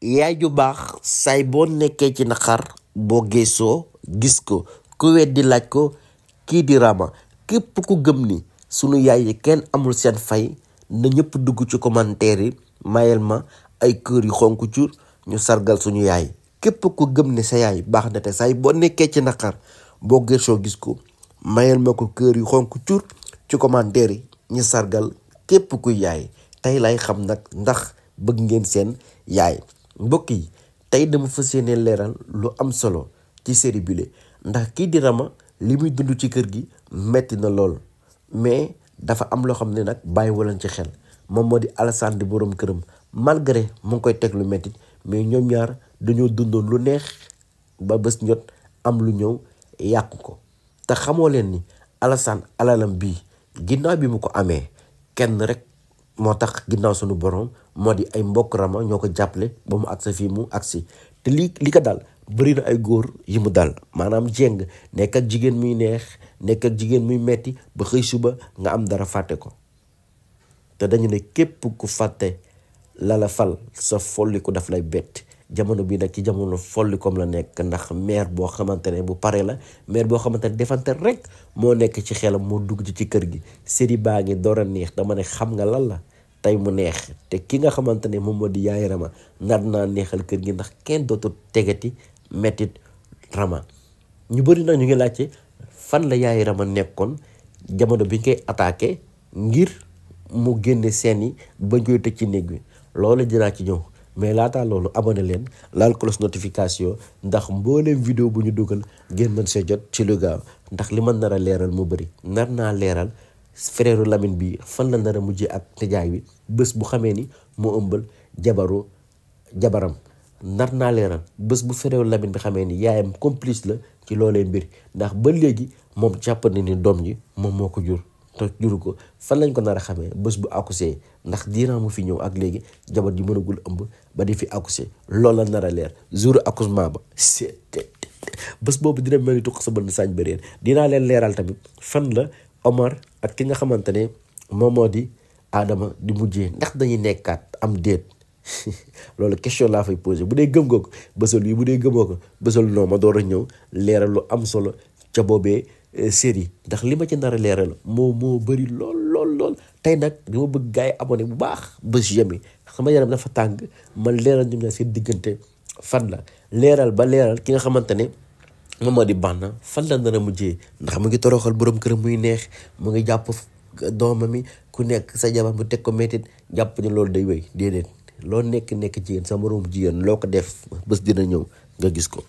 yaay ju baax saay boo nekkee ci naqar boo geesoo gis ko ku weddi laaj ko kii di Rama képp ku gëm ni sunu yaay yi kenn amul seen fay na ñëpp dugg ci commentaire yi mayel ma ay kër yu xonku cur ñu sargal suñu yaay képp ku gëm ne sa yaay baax na te saay boo nekkee ci naqar boo geesoo gis ko mayel ma ko kër yu xonku cur ci commentaire yi ñu sargal képp kuy yaay tey lay xam nag ndax bëgg ngeen seen yaay mbokk yi tey dama fas yéene leeral lu am solo ci série bile ndax kii di Rama li muy dund ci kër gi metti na lool mais dafa am loo xam ne nag bàyyi walan ci xel moom moo di Alassane di boroom këram malgré mu ngi koy teg lu metti mais ñoom ñaar dañoo dundoon lu neex ba bés ñot am lu ñëw yàqu ko te xamoo leen ni Alassane alalam bii ginnaaw bi mu ko amee kenn rek moo tax ginnaaw sunu borom moo di ay mbokk rama ñoo ko jàppale ba mu agsi fii mu agsi te lii li ko daal bëri na ay góor yi mu daal maanaam jéng nekk ak jigéen muy neex nekk ak jigéen muy metti ba xëy suba nga am dara fàtte ko te dañu ne képp ku fàtte lala fal sa folliku daf lay bett jamono bi nag ci jamono folli comme la nekk ndax maire boo xamante ne bu paree la maire boo xamante ne defante rek moo nekk ci xelam moo dugg ci kër gi série baa ngi door a neex dama ne xam nga lan la tey mu neex te ki nga xamante ne moom moo di yaay Rama nar naa neexal kër gi ndax kenn dootul tegati mettit Rama ñu bëri nag ñu ngi laajte fan la yaay Rama nekkoon jamono bi ñu koy attaqué ngir mu génne seeni yi bañ koy tëj ci néeg wi loolu dinaa ci ñëw mais laataa loolu abonné leen laal cloche notification ndax mbooleem vidéo bu ñu dugal ngeen mën see jot ci lu ndax li mën nar a leeral mu bëri nar naa leeral frère Lamine bi fan la nar a mujjee ak nijaay bi bés bu xamee ni moo ëmbal jabaru jabaram nar naa leeral bés bu frère Lamine bi xamee ni yaayam complice la ci loolee mbir ndax ba léegi moom jàpp na ni doom ji moom moo ko jur te juru ko fan lañ ko nar a xamee bés bu accouché ndax diiran mu fi ñëw ak léegi jabar ji mënagul ëmb ba di fi accouché loolu la nar a leer jour accouchement ba c'est bés boobu dina mel ni tuq sa bënn saañ bëréer dinaa leen leeral tamit fan la Omar ak ki nga xamante ne moom moo di Adama di mujjee ndax dañuy nekkaat am déet loolu question laa fay posé bu dee gëm nga ko bësal yi bu dee gëmoo ko bësal noo ma door a ñëw leeral lu am solo ca boobee Euh, série ndax li ma ci nar a leeral moo moo bëri lool lool lool tey nag dama bëgg gars yi abonné bu baax bés yemi sama yaram dafa tàng man leeral ñoom ñaar seen diggante fan la leeral ba leeral ki nga xamante ne moom moo di Banda fan la nar a mujjee ndax mu ngi toroxal borom këram muy neex mu ngi jàpp doomam mi ku nekk sa jabar mu teg ko métit jàpp ne loolu day wéy déedéet loo nekk nekk jigéen sa moroom jigéen loo ko def bés dina ñëw nga gis ko